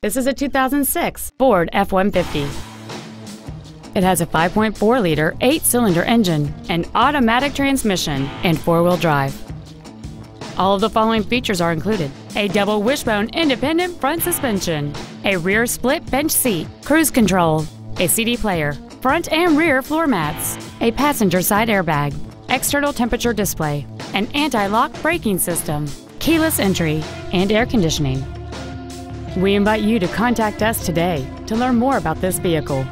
This is a 2006 Ford F-150. It has a 5.4-liter, eight-cylinder engine, an automatic transmission, and four-wheel drive. All of the following features are included. A double wishbone independent front suspension, a rear split bench seat, cruise control, a CD player, front and rear floor mats, a passenger side airbag, external temperature display, an anti-lock braking system, keyless entry, and air conditioning. We invite you to contact us today to learn more about this vehicle.